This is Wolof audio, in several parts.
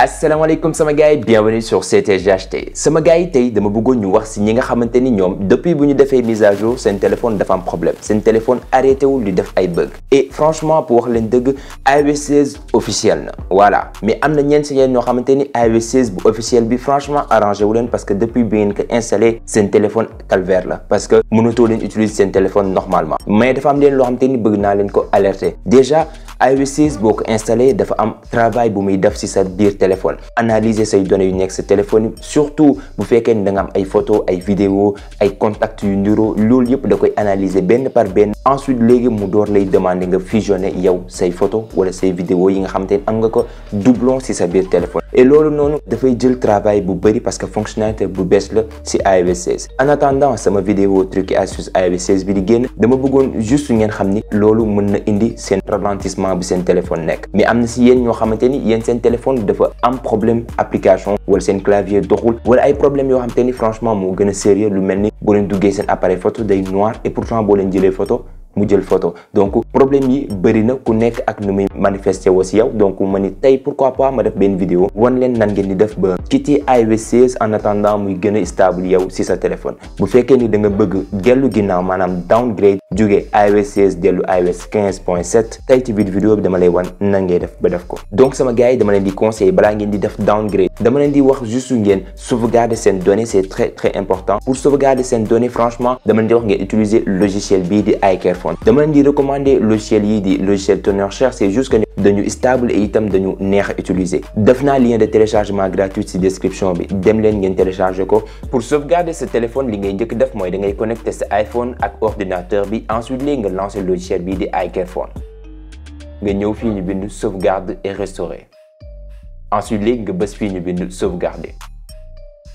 Assalamu alaikum bienvenue sur CTGHT sama gars yi tey dama bëggoon ñu wax si ñi nga xamante depuis mise à jour téléphone dafa am problème un téléphone arrêté ou lui def ay bug et franchement pour wax leen iOS 16 officiel voilà mais am na ñeen si ñeen ñoo ni iOS 16 officiel bi franchement arrangé parce que depuis bi ngeen installé, installé un téléphone calvaire parce que mënatoo leen utiliser seen téléphone normalement mais dafa am leen loo ni bëgg naa leen alerter déjà iOS 6 ko installé dafa am travail bu muy def si sa biir téléphone analyser say données yu nekk sa téléphone surtout bu fekkee ni da nga am ay photo ay ay contacts yu niroo loolu pour da koy analyser benn par benn ensuite les mu door lay demander nga fusionner yow say photos wala say vidéo yi nga xam te am nga ko doublon si sa biir téléphone et loolu noonu dafay jël travail bu bëri parce que fonctionnalité bu bees la si iOS 16 en attendant sama vidéo truc et astuce iOS 16 bi di génn dama bëggoon juste ngeen xam ni loolu mën indi seen ralentissement de son téléphone mais amna si yéen ñoo y a un téléphone dafa am problème application wala un clavier doxul wala ay problème yo xamanteni franchement mo gën sérieux lu melni vous len un appareil photo day noir et pourtant bo len jëlee photo mu jël photo donc problème yi bëri na ku nekk ak nu manifester donc ma ni pourquoi pas ma def vidéo wan leen nan ngeen di def ba quitter iwcs en attendant muy gën a stable yow si sa téléphone bu fekkee ni da nga bëgg vous downgrade djugé iOS 16 delu iOS 15.7 point vidéo bi dama lay wan nangé def ba def ko donc sama gars yi dama len di conseil bala ngeen di def downgrade dama len di wax juste ngeen sauvegarder ses données c'est très très important pour sauvegarder ses données franchement dama leen di wax ngeen utiliser logiciel bi di iCareFone dama len di recommander logiciel yi di logiciel Tenorshare c'est juste que dañu stable et itam dañu neex utiliser def lien de téléchargement gratuit ci description bi dem leen ngeen télécharger ko pour sauvegarder ce téléphone li ngay njëkk def moy da ngay connecter ce iPhone ak ordinateur bi ensuite li nga lancer logiciel bi di iCareFone nga ñëw fii ñu bind sauvegarde et restaurer ensuite li nga bëss fii ñu bind sauvegarder.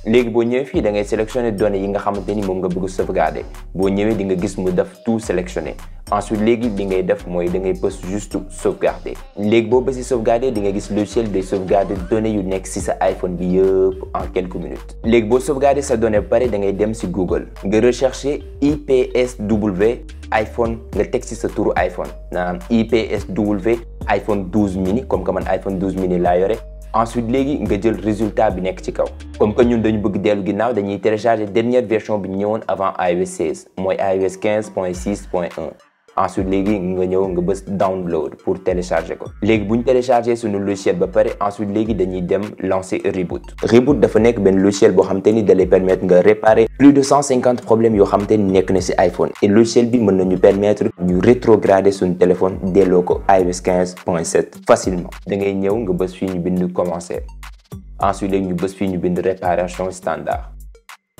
léegi bo ñëw fi da ngay sélectionner données yi nga xamanteni mom nga bëgg sauvegarder bo ñëwé di nga gis mu def tout sélectionner ensuite il que ngay def mooy da ngay juste sauvegarder léegi boo bësi sauvegarder di logiciel de sauvegarde données yu nekk si sa iPhone en quelques minutes Si vous sauvegarder sa donnée ba tu da ngay Google rechercher IPSW iPhone le texte sur sa iPhone IPSW iPhone 12 mini comme que iPhone 12 mini ensuite vous nga le résultat bi nekk comme que ñun dañu bëgg dellu ginnaaw dañuy dernière version avant iOS 16 iOS 15.6.1 ensuite vous nga ñëw nga bëss download pour télécharger ko léegi bu télécharger suñu logiciel ba paré ensuite léegi dañuy dem lancer reboot reboot dafa nekk le logiciel qui permet de permettre nga réparer plus de 150 problèmes yo l'iPhone. Et iPhone et logiciel bi permet ñu permettre ñu rétrograder suñu téléphone delloo ko iOS 15.7 facilement da ngay ñëw nga bëss commencer ensuite vous ñu bëss fii ñu bind réparation standard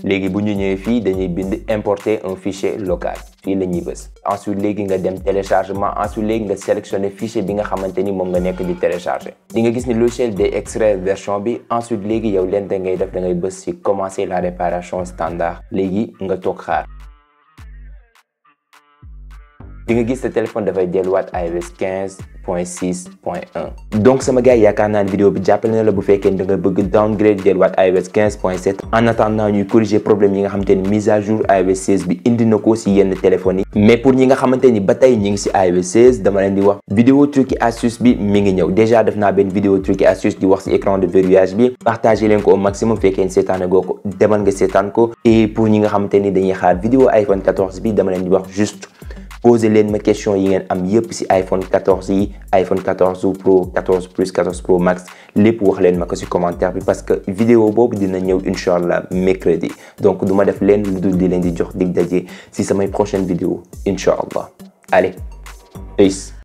léegi bu ñu ñëwee fii dañuy bind importer un fichier local fii la ñuy bës ensuite léegi nga dem téléchargement ensuite léegi nga sélectionner fichier bi nga xamante ni moom nga nekk di télécharger di nga gis ni logiciel day extraire version bi ensuite léegi yow leen da ngay def da ngay bës ci commencer la réparation standard léegi nga toog xaar di nga ce téléphone dafay delluwaat iOS 15.6.1. donc sama gars yaakaar naa ne vidéo bi jàppale na le bu fekkee da nga bëgg downgrade delluwaat iOS 15.7. en attendant ñuy corriger problème yi nga xamante mise à jour iOS 16 bi indi na ko si yenn mais pour ñi nga xamante ni ñi ngi si iOS 16 dama leen di wax vidéo truc et astuce bi mi ngi déjà def naa vidéo truc et astuce di wax si écran de verrouillage bi partagé leen ko au maximum fekkee ni seetaan goo ko demal nga ko et pour ñi nga xamante dañuy xaar vidéo iPhone 14 bi dama leen di wax juste posé leen ma question yi ngeen am yépp ci iPhone yi iPhone 14 Pro Plus Pro Max lépp wax leen ma ko ci commentaire bi parce que vidéo boobu dina ñëw incha allah mercredi donc du ma def leen lu dul di leen di jox dig daje ci samay prochaine vidéo incha allah allez